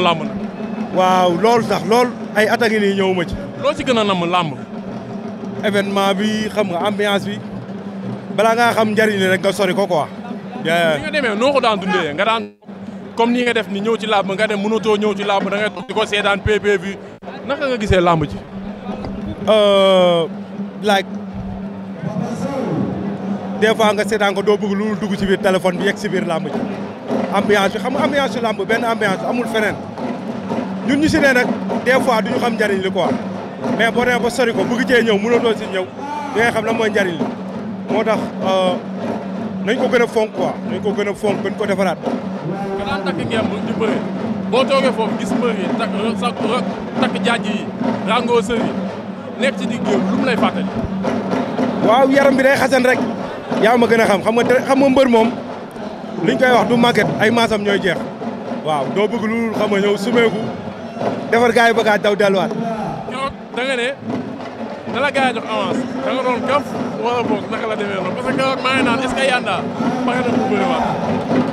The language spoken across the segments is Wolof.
làmb waaw loolu sax lool ay at a ngi nii ñëwuma ci. loo ci gën a namm làmb. événement bi xam nga ambiance bi bala ngaa xam njariñ li rek nga sori ko quoi. yaa nga demee noo ko daan dundee nga daan comme ni nga def ni ñëw ci làmb nga dem mënatoo ñëw ci làmb da ngay toog di ko seetaan PPV naka nga gisee lamb ji. Euh, like des fois nga seetaan ko doo bëgg lu dugg ci biir téléphone bi yegg ci biir làmb ji. ambiance bi xam nga ambiance lamb benn ambiance amul feneen ñun ñu si ne nag des fois duñu xam njariñ li quoi mais boo demee ba sori ko bëgg cee ñëw mënatoo si ñëw di xam lan mooy njariñ li moo tax euh, nañ ko gën fonk ko gën a fonk gën ko defaraat. nga daan takk ngemb di bëre boo toogee foofu gis mbër yi takk sa takk jaaj yi rango sër nekk ci digg lu mu lay fàttali. waaw yaram bi day xasan rek yaa gën a xam xam nga xam nga mbër moom. liñ koy wax du màgget ay maasam ñooy jeex waaw doo bëgg lu xam nga ñëw sumeeku defar gars yi bëgg a daw ne da la jox avance da doon kaf wala boog naka la demee noonu parce que maa ngi naan est-ce que yanda ba nga dem bu bëriwaat.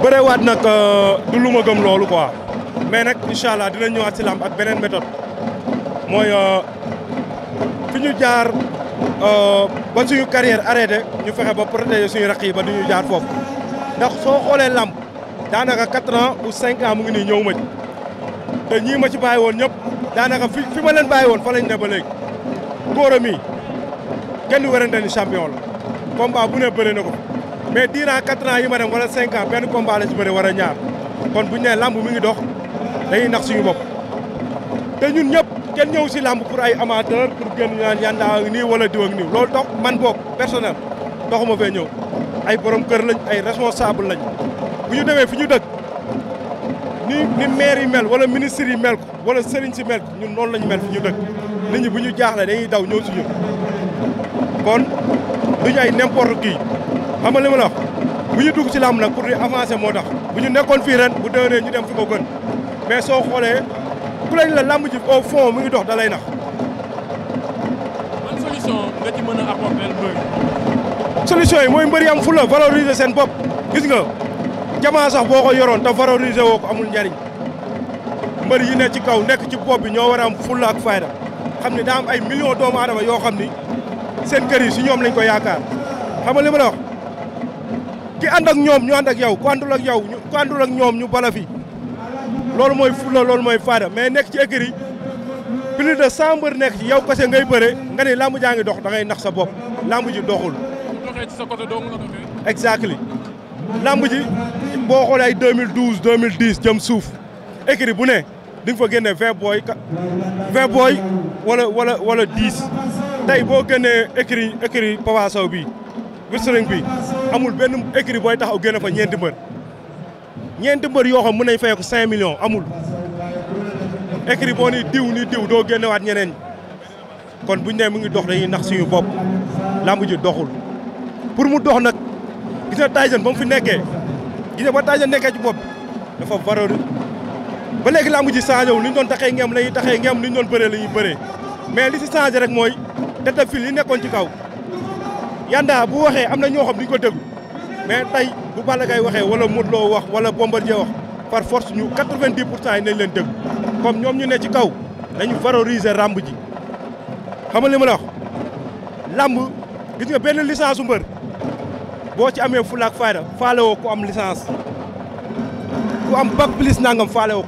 bëriwaat euh, du lu gëm loolu quoi mais nag incha allah dinañ ñëwaat si lamb ak beneen méthode mooy euh, fi ñu jaar. Euh, ba suñu carrière arrêté ñu fexe ba protéger suñu raq yi ba duñu jaar foofu ndax soo xoolee làmb daanaka 4 ans ou 5 ans mu ngi nii ñëw ma te ñii ma ci bàyyi woon ñëpp daanaka fi fi ma leen bàyyi woon fa lañ ne ba léegi góoram yi kenn du werante ni champion la combat bu ne bëri na ko mais durant 4 ans yi ma wala 5 ans benn combat la ci bëri war a kon bu ñu nee làmb mi ngi dox dañuy nax suñu bopp te ñun ñëpp kenn ñëw si làmb pour ay amateur pour génn nii wala diw ak nii loolu dox man boog personnel doxuma fee ñëw ay borom kër lañ ay responsable lañ bu ñu demee fi ñu dëkk ni ni maire yi mel wala ministre yi mel wala sëriñ si mel ñu ñun noonu lañ mel fi ñu dëkk nit ñi bu ñu jaaxle dañuy daw ñëw si ñun kon du ay n'importe qui xam nga li ma bu ñu dugg ci làmb nag pour di avancer moo tax bu ñu nekkoon fii ren bu déwénee ñu dem fi ko gën mais soo xoolee ku lañ la làmb ji au fond mu ngi dox da lay nax. ban solution nga ci mën a apporter solution yi mooy mbër am fu la valoriser seen bopp gis nga jamaa sax boo ko yoroon te valoriser woo amul njariñ mbëri yi ne ci kaw nekk ci bopp bi ñoo waraam a am fulla ak xam ne daa am ay millions doomu aadama yoo xam ni seen kër si ñoom lañ ko yaakaar xam nga li ki ànd ak ñoom ñu ànd ak yow ku àndul ak yow ku àndul ak ñoom ñu bala loolu mooy fulla loolu mooy fayda mais nekk ci écurie plus de cent mbër nekk ci yow kese ngay bëre nga ne làmb jaa ngi dox da nax sa bopp làmb ji doxee ci sa côté dong la doxee. exactly lamb ji boo xoolee ay 2012 2010 jëm suuf écrit bu ne di nga fa génne 20 booy 20 booy wala wala wala 10 tey boo génnee écrit écrit Papa Sow bii wrestling bi amul benn écrit booy taxaw génne fa ñeenti mbër ñeenti mbër yoo xam mën nañ fay ko 5 amul écrit boo ni diw ni diw doo génnewaat ñeneen kon buñ ne mu ngi dox dañuy nax suñu bopp lamb ji doxul pour mu dox nag gis nga Tyson ba mu fi nekkee gis nga ba Tyson nekkee ci bopp dafa valeur ba léegi làmb ji changé wu li ñu doon taxee ngeem la ñuy taxee ngeem li ñu doon bëree la bëree mais li si changé rek mooy tête fil yi nekkoon ci kaw Yanda bu waxee am na ñoo xam duñ ko déglu mais tey bu Balla Gaye waxee wala Modou Lo wax wala Bombardier wax par force ñu 90 pour cent yi nañ leen déglu comme ñoom ñu ne ci kaw dañu valoriser ramb ji xam nga li ma la wax benn licence su boo ci amee fulla ak fayda faale am licence ku am bac plus nangam faale woo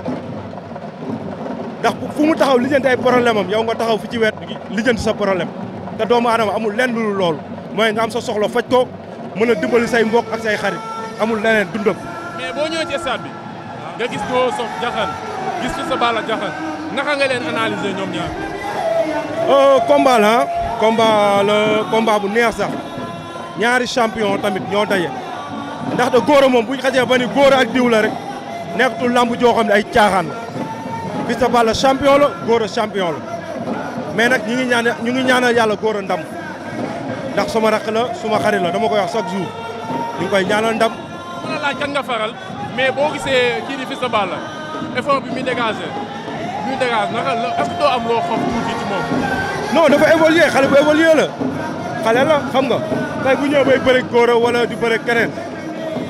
ndax fu mu taxaw lijjanti ay problème am yow nga taxaw fi ci wet lijjanti sa problème te doomu aadama amul lenn lu loolu mooy nga am sa soxla faj ko mën a dimbali say mbok ak say xarit amul leneen dundam. mais boo ñëwee ci stade bi nga gis ko sox jaxan gis ko sa bala jaxan naka nga leen ñaar. Euh, combat la combat la neex sax. ñaari champion tamit ñoo daje ndax de góor moom buñ xasee ba ni góor ak diw la rek nekkatul lamb joo xam ay caaxaan la Fils de Balla champion la góor a la mais nag ñu ngi ñaan ñu ngi ñaanal yàlla góor a ndam ndax suma rakk la suma xarit la dama koy wax chaque jour ñu ngi koy ñaanal ndam la laaj kan nga faral mais boo gisee kii di Fils de Balla effort bi muy dégagé la est-ce que doo am loo xam tuuti ci moom non dafa évolué xale bu évolué xale xam nga tey bu ñëwee bay bëri góora wala di bëri keneen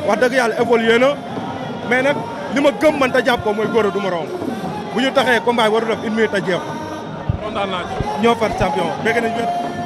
wax dëgg yàlla évolué na mais nag li ma gëm man ta jàpp ko mooy góora du ma romb bu ñu taxee combat waru def une minute a jeex kontaan naa ñoo far champion